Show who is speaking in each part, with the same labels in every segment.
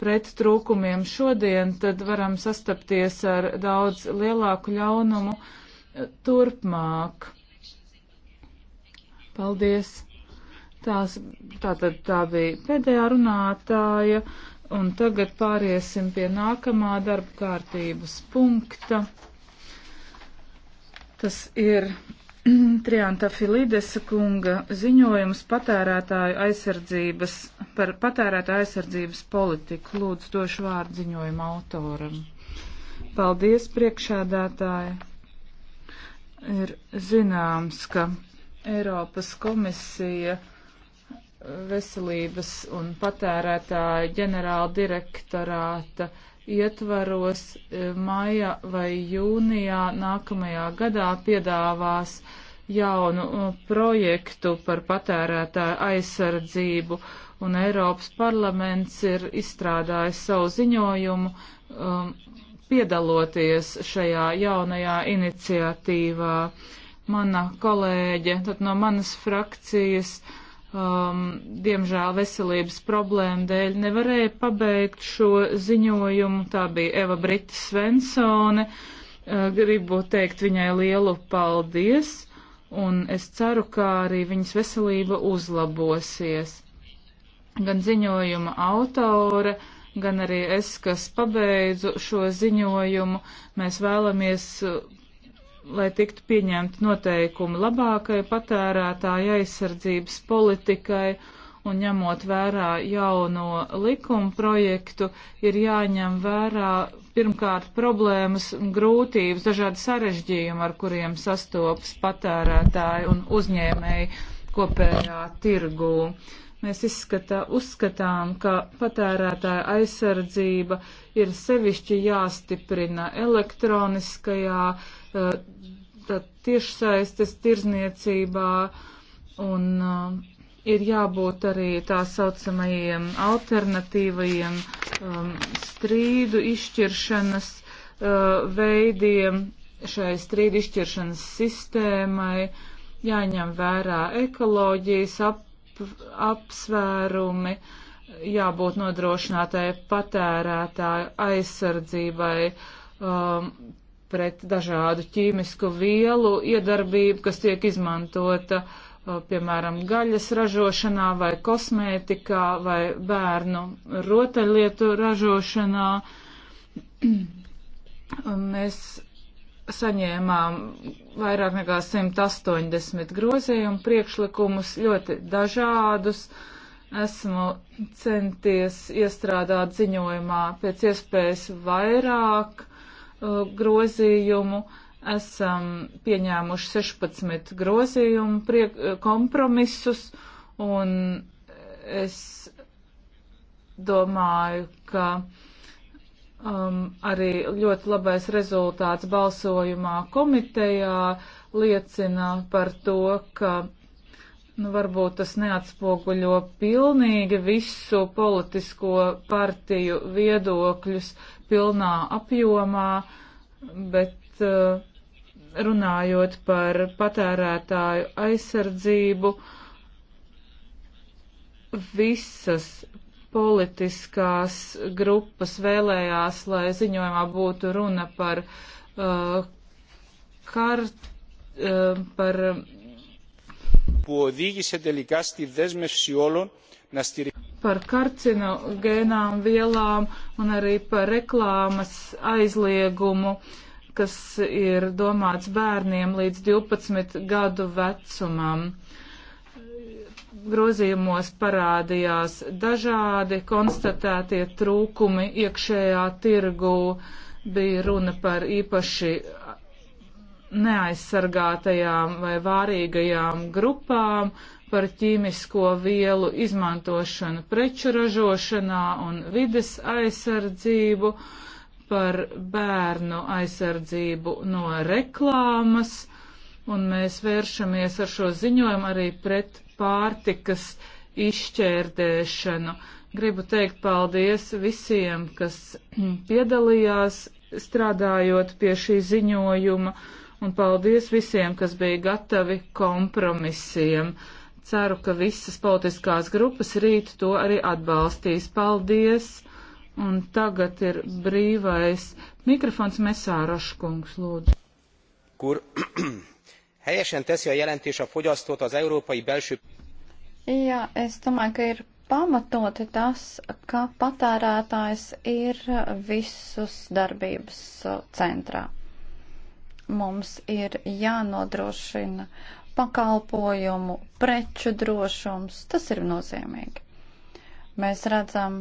Speaker 1: pret trūkumiem šodien, tad varam sastapties ar daudz lielāku ļaunumu turpmāk. Paldies! Tās, tā tad tā bija pēdējā runātāja, un tagad pāriesim pie nākamā darba kārtības punkta. Tas ir Trianta Filidesa kunga ziņojums patērētāju aizsardzības, par patērētāju aizsardzības politiku. Lūdzu, došu vārdu ziņojuma autoram. Paldies, priekšādātāji. Ir zināms, ka Eiropas komisija eh, veselības un patērētāju ģenerāla direktorāta ietvaros e, maija vai jūnijā nākamajā gadā piedāvās jaunu e, projektu par patērētāju aizsardzību, un Eiropas parlaments ir izstrādājis savu ziņojumu, um, piedaloties šajā jaunajā iniciatīvā. Mana kolēģe, tad no manas frakcijas, uh, um, diemžēl veselības problēmu dēļ nevarēja pabeigt šo ziņojumu. Tā bija Eva Brita Svensone. Uh, gribu teikt viņai lielu paldies, un es ceru, ka arī viņas veselība uzlabosies. Gan ziņojuma autore, gan arī es, kas pabeidzu šo ziņojumu, mēs vēlamies lai tiktu pieņemti noteikumi labākai patērētāja aizsardzības politikai un ņemot vērā jauno likumu projektu, ir jāņem vērā pirmkārt problēmas un grūtības, dažādi sarežģījumi, ar kuriem sastopas patērētāji un uzņēmēji kopējā tirgū. Uh, Mēs izskatā, uzskatām, ka patērētāja aizsardzība ir sevišķi jāstiprina elektroniskajā, eh, tiešsaistes tirzniecībā un eh, ir jābūt arī tā saucamajiem alternatīvajiem um, strīdu izšķiršanas uh, veidiem, šai strīdu izšķiršanas sistēmai, jāņem vērā ekoloģijas ap, apsvērumi, jābūt nodrošinātai patērētāju aizsardzībai um, pret dažādu ķīmisku vielu iedarbību, kas tiek izmantota, uh, piemēram, gaļas ražošanā vai kosmētikā vai bērnu rotaļlietu ražošanā. Mēs saņēmām vairāk nekā 180 grozījumu priekšlikumus, ļoti dažādus. Esmu centies iestrādāt ziņojumā pēc iespējas vairāk uh, grozījumu. Esam pieņēmuši 16 grozījumu priek, uh, kompromisus, un es domāju, ka uh, um, arī ļoti labais rezultāts balsojumā komitejā liecina par to, ka nu, varbūt tas neatspoguļo pilnīgi visu politisko partiju viedokļus pilnā apjomā, bet uh, runājot par patērētāju aizsardzību, visas politiskās grupas vēlējās, lai ziņojumā būtu runa par uh, kart, uh, par. Um, par karcinogēnām vielām un arī par reklāmas aizliegumu, kas ir domāts bērniem līdz 12 gadu vecumam. Uh, grozījumos parādījās dažādi konstatētie trūkumi iekšējā tirgū, bija runa par īpaši neaizsargātajām vai vārīgajām grupām, par ķīmisko vielu izmantošanu preču ražošanā un vides aizsardzību, par bērnu aizsardzību no reklāmas un mēs vēršamies ar šo ziņojumu arī pret pārtikas izšķērdēšanu. Gribu teikt paldies visiem, kas piedalījās strādājot pie šī ziņojuma, un paldies visiem, kas bija gatavi kompromisiem. Ceru, ka visas politiskās grupas rīt to arī atbalstīs. Paldies! Un tagad ir brīvais mikrofons Mesāraškungs, lūdzu.
Speaker 2: Kur helyesen teszi a jelentés a fogyasztót az európai
Speaker 3: belső Jā, es domāju, ka ir pamatoti tas, ka patērētājs ir visus darbības centrā. Mums ir jānodrošina pakalpojumu, preču drošums, tas ir nozīmīgi. Mēs redzam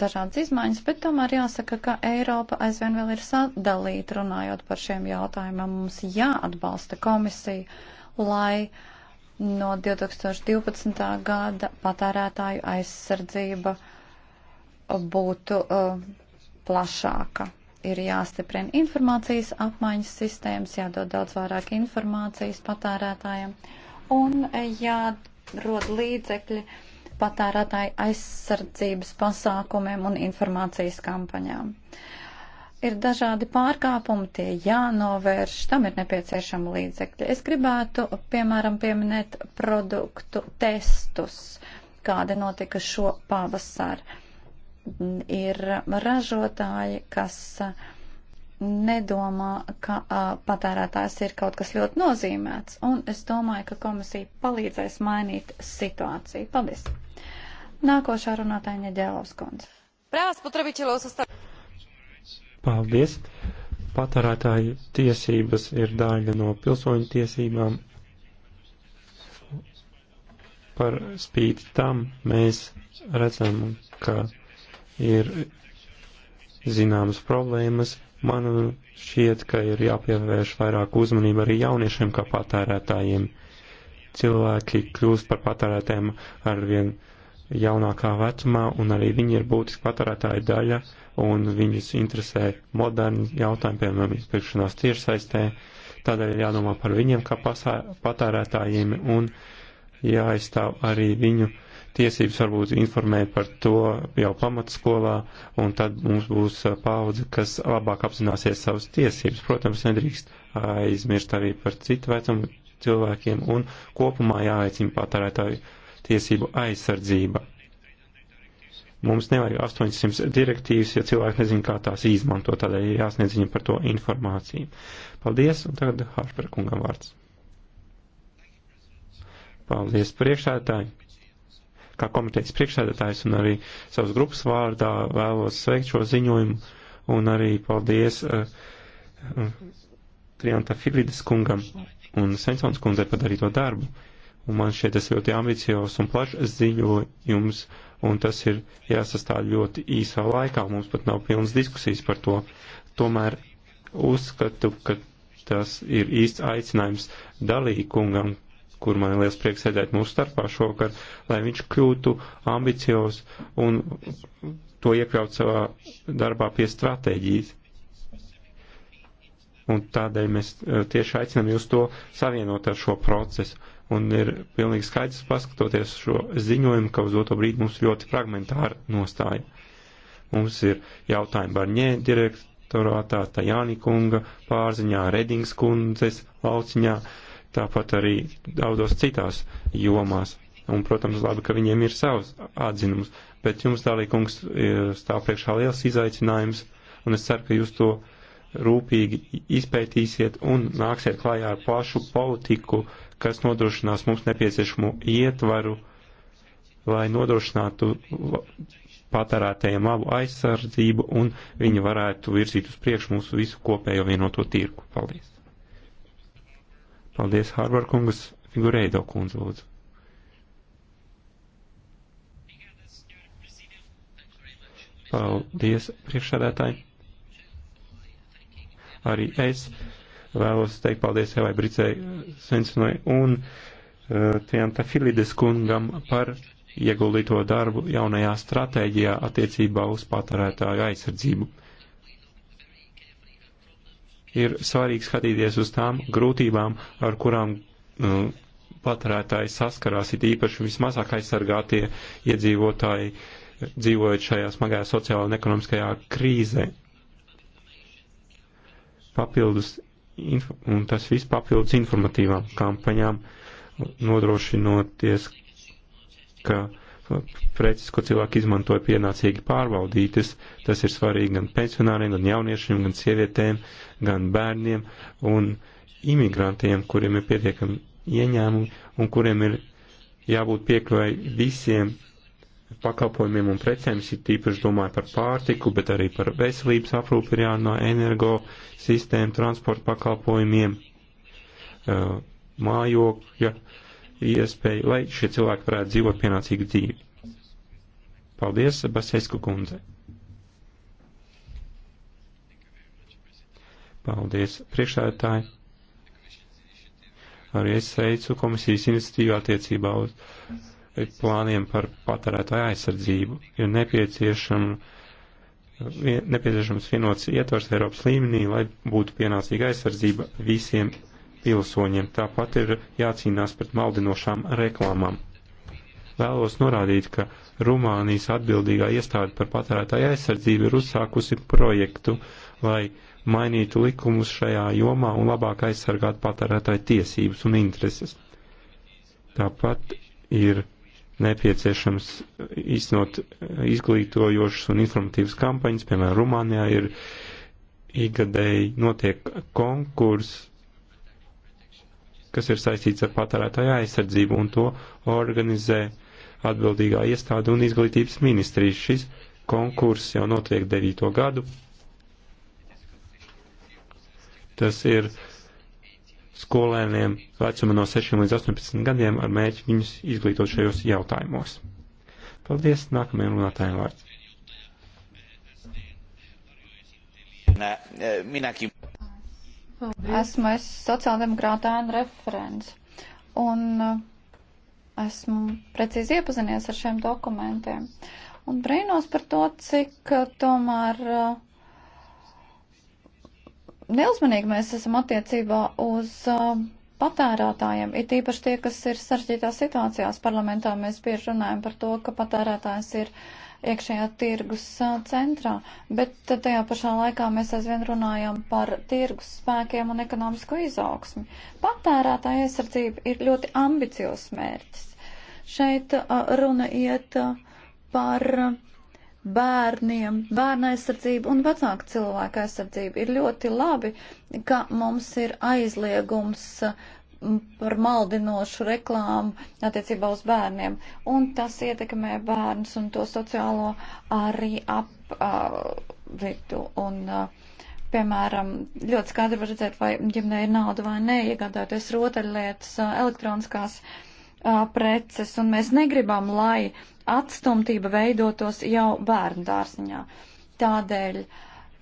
Speaker 3: dažādas izmaiņas, bet tomēr jāsaka, ka Eiropa aizvien vēl ir sadalīta runājot par šiem jautājumiem. Mums jāatbalsta komisija, lai no 2012. gada patērētāju aizsardzība būtu uh, plašāka ir jāstiprina informācijas apmaiņas sistēmas, jādod daudz vairāk informācijas patērētājiem un jārod līdzekļi, patērētāju aizsardzības pasākumiem un informācijas kampaņām. Ir dažādi pārkāpumi, tie jānovērš, tam ir nepieciešama līdzekļa. Es gribētu, piemēram, pieminēt produktu testus, kādi notika šo pavasaru. Ir ražotāji, kas uh, nedomā, ka uh, patērētājs ir kaut kas ļoti nozīmēts, un es domāju, ka komisija palīdzēs mainīt situāciju. Paldies! Nākošā runātāja Neģēlovs kundze. Prāvas potrebiteļos sastāv.
Speaker 2: Paldies! Patērētāju tiesības ir daļa no pilsoņu tiesībām. Par spīti tam mēs redzam, ka ir zināmas problēmas Man šķiet, ka ir jāpievērš vairāk uzmanība arī jauniešiem kā patērētājiem. Cilvēki kļūst par patērētājiem arvien jaunākā vecumā, un arī viņi ir būtiski patērētāja daļa, un viņus interesē moderni jautājumi, piemēram, izpirkšanās tiešsaistē. Tādēļ ir jādomā par viņiem kā patērētājiem un jāaizstāv arī viņu uh, tiesības varbūt informēt par to jau pamatskolā, un tad mums būs paudze, kas labāk apzināsies savas tiesības. Protams, nedrīkst aizmirst arī par citu vecumu cilvēkiem, un kopumā jāaicina patērētāju tiesību aizsardzība. Mums nevajag 800 direktīvas, ja cilvēki nezin, kā tās izmanto, tādēļ jāsniedz viņam par to informāciju. Paldies, un tagad Hāršperkungam vārds. Paldies priekšētāji kā komitejas priekšsēdētājs un arī savas grupas vārdā vēlos sveikt šo ziņojumu un arī paldies uh, Trianta Filides kungam un Sensons kundzei padarīto darbu. Un man šķiet tas ļoti ambiciozs un plašs ziņojums, un tas ir jāsastāv ļoti īsā laikā, mums pat nav pilnas diskusijas par to. Tomēr uzskatu, ka tas ir īsts aicinājums dalī kungam, kur man ir liels prieks sēdēt mūsu starpā šovakar, lai viņš kļūtu ambiciozs un to iekļaut savā darbā pie stratēģijas. Un tādēļ mēs e, tieši aicinām jūs to savienot ar šo procesu. Un ir pilnīgi skaidrs, paskatoties šo ziņojumu, ka uz doto brīdi mums ļoti fragmentāra nostāja. Mums ir jautājumi Barņē direktorātā, Tajāni kunga pārziņā, Redings kundzes lauciņā. Uh, tāpat arī daudzos citās jomās. Un, protams, labi, ka viņiem ir savs atzinums, bet jums, Dālīkungs, stāv priekšā liels izaicinājums, un es ceru, ka jūs to rūpīgi izpētīsiet un nāksiet klājā ar plašu politiku, kas nodrošinās mums nepieciešamo ietvaru, lai nodrošinātu patērētējiem labu aizsardzību un viņi varētu virzīt uz priekšu mūsu visu kopējo vienoto tirku. Paldies! Paldies, Hārvar kungas, figureido kundze, lūdzu. Paldies, priekšsēdētāji. Arī es vēlos teikt paldies Evai Bricei Sensonai un uh, eh, Trianta Filides kungam par ieguldīto darbu jaunajā stratēģijā attiecībā uz patērētāju aizsardzību. Uh, ir svarīgi skatīties uz tām grūtībām, ar kurām nu, patērētāji saskarās, it īpaši vismazāk aizsargātie iedzīvotāji dzīvojot šajā smagajā sociālajā un ekonomiskajā krīzē. Papildus, un tas viss papildus informatīvām kampaņām, nodrošinoties, ka preces, ko cilvēki izmantoja pienācīgi pārbaudītas. Tas ir svarīgi gan pensionāriem, gan jauniešiem, gan sievietēm, gan bērniem un imigrantiem, kuriem ir pietiekami ieņēmumi un kuriem ir jābūt piekļuvēji visiem pakalpojumiem un precēm, es īpaši domāju par pārtiku, bet arī par veselības aprūpi ir jārunā, energo sistēmu, transporta pakalpojumiem, mājokļa, ja, iespēju, lai šie cilvēki varētu dzīvot pienācīgu dzīvi. Paldies, Basesku kundze. Paldies, priekšsēdētāji. Arī es sveicu komisijas iniciatīvu attiecībā uz plāniem par patērētāju aizsardzību. Ir nepieciešama nepieciešams vienots ietvars Eiropas līmenī, lai būtu pienācīga aizsardzība visiem pilsoņiem. Tāpat ir jācīnās pret maldinošām reklāmām. Vēlos norādīt, ka Rumānijas atbildīgā iestāde par patērētāju aizsardzību ir uzsākusi projektu, lai mainītu likumus šajā jomā un labāk aizsargātu patērētāju tiesības un intereses. Tāpat ir nepieciešams īstenot izglītojošas un informatīvas kampaņas, piemēram, Rumānijā ir uh, ikgadēji notiek konkurss kas ir saistīts ar patērētāju aizsardzību, un to organizē atbildīgā iestāde un izglītības ministrijas. Šis konkurss jau notiek devīto gadu. Tas ir skolēniem vecuma no 6 līdz 18 gadiem ar mērķi viņus izglītot šajos jautājumos. Paldies, nākamajam runātājiem vārds.
Speaker 3: Eh, Minäkin Paldies. Esmu es sociāldemokrāta ēna referents. Un uh, esmu precīzi iepazinies ar šiem dokumentiem. Un brīnos par to, cik uh, tomēr uh, neuzmanīgi mēs esam attiecībā uz patērētājiem, it īpaši tie, kas ir sarežģītās situācijās parlamentā, mēs bieži runājam par to, ka patērētājs ir uh, iekšējā tirgus centrā, bet tajā pašā laikā mēs aizvien runājam par tirgus spēkiem un ekonomisko izaugsmi. Patērētāja aizsardzība ir ļoti ambiciozs mērķis. Šeit runa iet par bērniem, bērna aizsardzība un vecāku cilvēku aizsardzība ir ļoti labi, ka mums ir aizliegums par maldinošu reklāmu attiecībā uz bērniem. Un tas ietekmē bērnus un to sociālo arī apvidu. Un, piemēram, ļoti skaidri var redzēt, vai ģimnē ir nauda vai nē, iegādāties rotaļlietas, elektroniskās preces, un mēs negribam, lai atstumtība veidotos jau bērnu dārziņā. Tādēļ uh,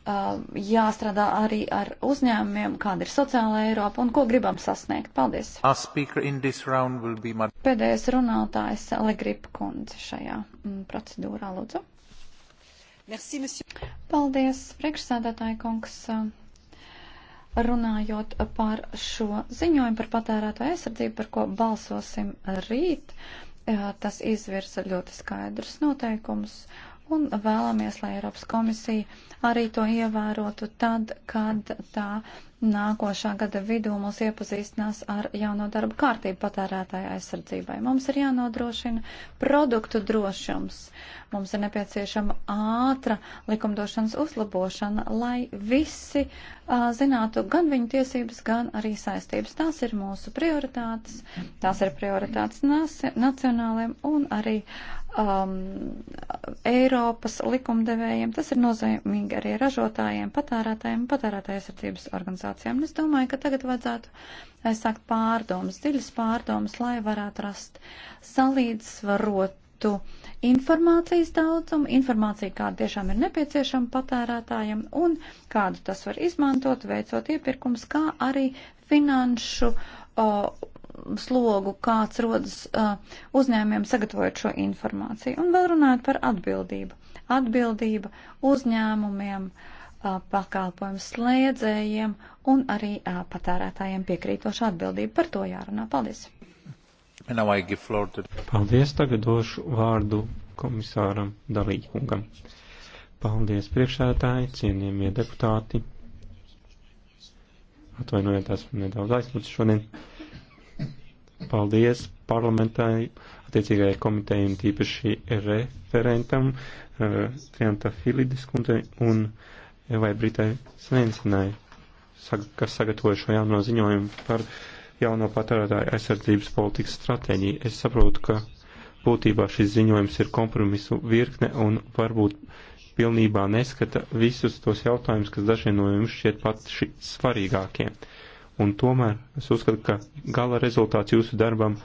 Speaker 3: Um, jāstrādā arī ar uzņēmumiem, kāda ir sociāla Eiropa un ko gribam sasniegt. Paldies! My... Pēdējais runātājs Legrip kundze šajā mm, procedūrā, lūdzu. Merci, monsieur. Paldies, priekšsēdētāji kungs. Runājot par šo ziņojumu par patērētāju aizsardzību, par ko balsosim rīt, eh, tas izvirsa ļoti skaidrus noteikumus un vēlamies, lai Eiropas komisija arī to ievērotu tad, kad tā nākošā gada vidū mūs iepazīstinās ar jauno darbu kārtību patērētāja aizsardzībai. Mums ir jānodrošina produktu drošums. Mums ir nepieciešama ātra likumdošanas uzlabošana, lai visi uh, zinātu gan viņu tiesības, gan arī saistības. Tās ir mūsu prioritātes, tās ir prioritātes nacionāliem un arī um, Eiropas likumdevējiem. Tas ir nozīmīgi arī ražotājiem, patērētājiem, patērētāja aizsardzības organizācijām konsultācijām. Un es domāju, ka tagad vajadzētu aizsākt eh, pārdomas, dziļas pārdomas, lai varētu rast salīdzvarotu informācijas daudzumu, informāciju, kāda tiešām ir nepieciešama patērētājiem un kādu tas var izmantot, veicot iepirkums, kā arī finanšu o, slogu, kāds rodas o, uzņēmiem sagatavojot šo informāciju. Un vēl runājot par atbildību. Atbildība uzņēmumiem. O, pakalpojumu sniedzējiem un arī patērētājiem piekrītošu atbildību. Par to jārunā. Paldies!
Speaker 2: To... Paldies! Tagad došu vārdu komisāram Dalīkungam. Paldies priekšētāji, cienījamie deputāti. Atvainojiet, esmu nedaudz aizmucis šodien. Paldies parlamentai, attiecīgajai komitejai un tīpaši referentam, uh, Trianta Filidis kundzei un uh, vai Britai Svensinai, kas sagatavoja šo jauno ziņojumu par jauno patērētāju aizsardzības politikas stratēģiju. Es saprotu, ka būtībā šis ziņojums ir kompromisu virkne un varbūt pilnībā neskata visus tos jautājumus, kas dažiem no jums šķiet paši svarīgākie. Un tomēr es uzskatu, ka gala rezultāts jūsu darbam uh,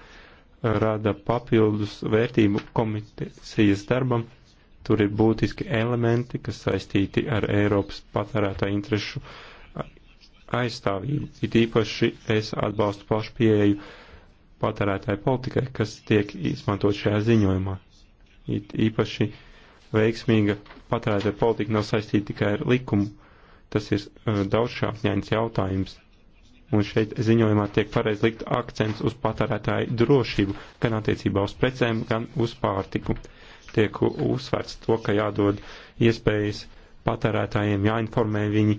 Speaker 2: rada papildus vērtību komisijas darbam Tur ir būtiski elementi, kas saistīti ar Eiropas patērētā interešu aizstāvību. It īpaši es atbalstu plašu pieeju patērētāju politikai, kas tiek izmantot šajā ziņojumā. It īpaši veiksmīga patērētāja politika nav saistīta tikai ar likumu. Tas ir uh, daudzšķautņains jautājums. Un šeit ziņojumā tiek pareiz likt akcents uz patērētāju drošību, gan attiecībā uz precēm, gan uz pārtiku. Uh, tiek uzsvērts to, ka jādod iespējas patērētājiem, jāinformē viņi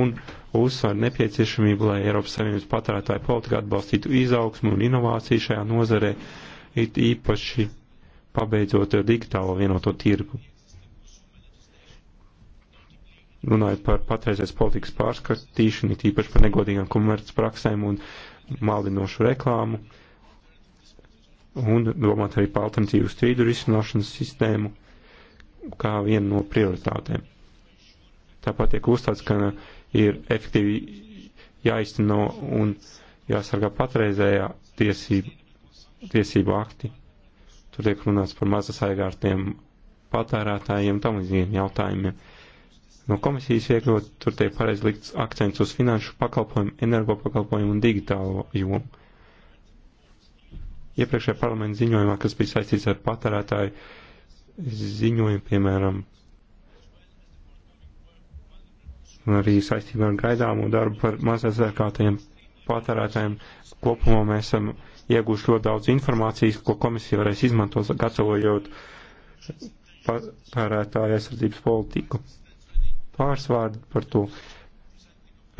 Speaker 2: un uzsver nepieciešamību, lai Eiropas Savienības patērētāju politika atbalstītu izaugsmu un inovāciju šajā nozarē, it īpaši pabeidzot digitālo vienoto tirgu. Runājot par patreizēs politikas pārskatīšanu, it īpaši par negodīgām komercpraksēm un malinošu reklāmu, uh, un domāt arī par alternatīvu strīdu risināšanas sistēmu kā vienu no prioritātēm. Tāpat tiek uzstāts, ka ir efektīvi jāizteno un jāsargā patreizējā tiesība, tiesība akti. Tur tiek runāts par mazasaigārtiem patērētājiem, tam līdzīgiem jautājumiem. No komisijas viegļot, tur tiek pareizi likts akcents uz finanšu pakalpojumu, energopakalpojumu un digitālo jomu Iepriekšējā parlamenta ziņojumā, kas bija saistīts ar patērētāju ziņojumu, piemēram, arī saistībā ar gaidāmo darbu par mazazargātajiem patērētājiem, kopumā mēs esam iegūši ļoti daudz informācijas, ko komisija varēs izmantot, gatavojot patērētāju aizsardzības politiku. Pārsvārdi par to.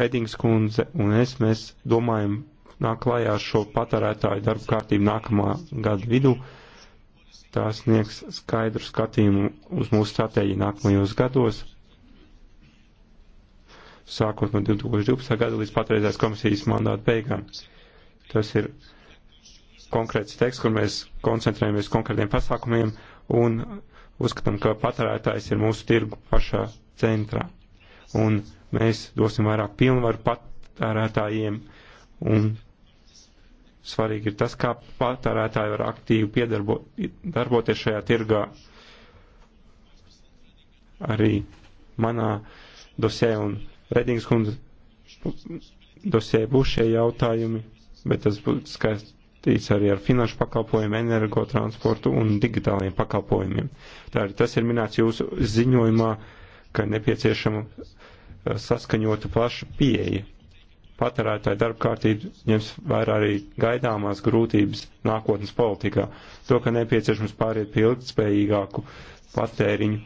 Speaker 2: Redings kundze un es, mēs domājam nāk klajā ar šo patērētāju darbu kārtību nākamā gada vidū. Tās sniegs skaidru skatījumu uz mūsu stratēģiju nākamajos gados, sākot no 2012. gada līdz patreizējās komisijas mandāta beigām. Tas ir konkrēts teksts, kur mēs koncentrējamies konkrētiem pasākumiem un uzskatām, ka patērētājs ir mūsu tirgu pašā centrā. Un mēs dosim vairāk pilnvaru patērētājiem un Svarīgi ir tas, kā patērētāji var aktīvi piedarboties šajā tirgā. Arī manā dosē un Redings kundze dosē būs šie jautājumi, bet tas būtu skaistīts arī ar finanšu pakalpojumu, energotransportu un digitāliem pakalpojumiem. Tā arī tas ir minēts jūsu ziņojumā, ka nepieciešama eh, saskaņota plaša pieeja patērētāju darba kārtība ņems vērā arī gaidāmās grūtības nākotnes politikā, to, ka nepieciešams pāriet pie ilgtspējīgāku patēriņu,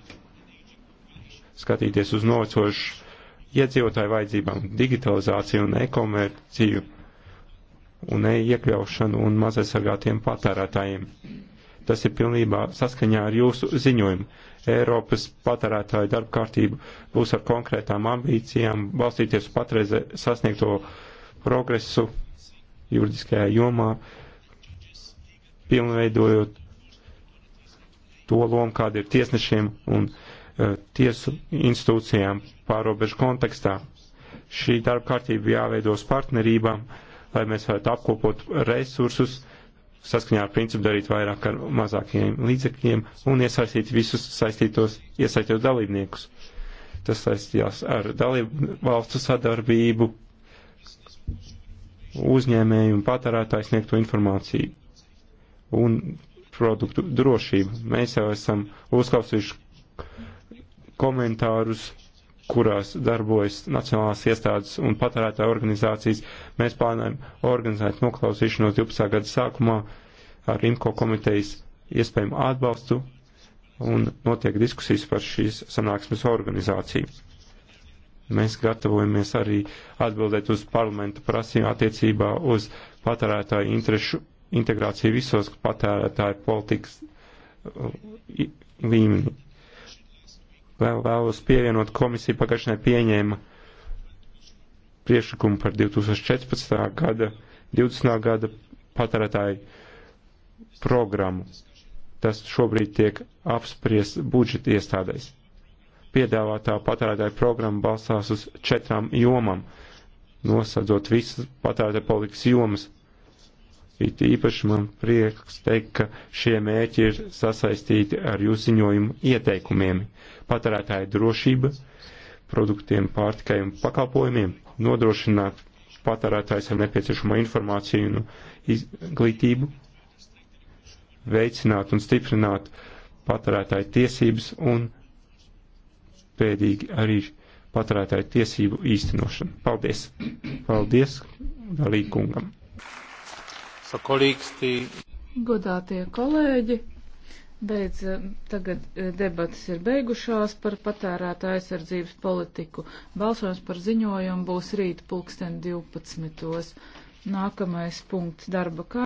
Speaker 2: skatīties uz nocošu iedzīvotāju vajadzībām, digitalizāciju un e-komerciju un e-iekļaušanu un mazaisargātiem patērētājiem. Tas ir pilnībā saskaņā ar jūsu ziņojumu. Eiropas patērētāju darba kārtība būs ar konkrētām ambīcijām balstīties uz patreize sasniegto progresu juridiskajā jomā, pilnveidojot to lomu, kāda ir tiesnešiem un uh, tiesu institūcijām pārobežu kontekstā. Šī darba kārtība jāveidos partnerībām, lai mēs varētu apkopot resursus, uh, saskaņā ar principu darīt vairāk ar mazākiem līdzekļiem un iesaistīt visus saistītos, iesaistot dalībniekus. Tas saistījās ar dalību valstu sadarbību, uzņēmēju un patērētāju sniegto informāciju un produktu drošību. Mēs jau esam uzklausījuši komentārus kurās darbojas nacionālās iestādes un patērētāju organizācijas. Mēs plānojam organizēt noklausīšanos 12. gada sākumā ar IMCO komitejas iespējamu atbalstu un notiek diskusijas par šīs sanāksmes organizāciju. Mēs gatavojamies arī atbildēt uz parlamenta prasību attiecībā uz patērētāju interešu integrāciju visos patērētāju politikas uh, līmenī Vēl vēlos pievienot komisiju pagājušanai pieņēma priekšlikumu par 2014. gada, 20. gada patērētāju programmu. Tas šobrīd tiek apspriests budžeta iestādēs. Piedāvātā patērētāja programma balstās uz četrām jomām, nosadzot visas patērētāja politikas jomas It īpaši man prieks teikt, ka šie mērķi ir sasaistīti ar jūsu ziņojumu ieteikumiem - patērētāja drošība, produktiem, pārtikai un pakalpojumiem, nodrošināt patērētājs ar nepieciešamo informāciju un izglītību, veicināt un stiprināt patērētāju tiesības un pēdīgi arī patērētāju tiesību īstenošanu. Paldies! Paldies, Dalīkungam! So, tī...
Speaker 1: Godātie kolēģi, beidz, eh, tagad eh, debatas ir beigušās par patērētā aizsardzības politiku. Balsojums par ziņojumu būs rīt pulksten 12. Nākamais punkts darba kārtībā.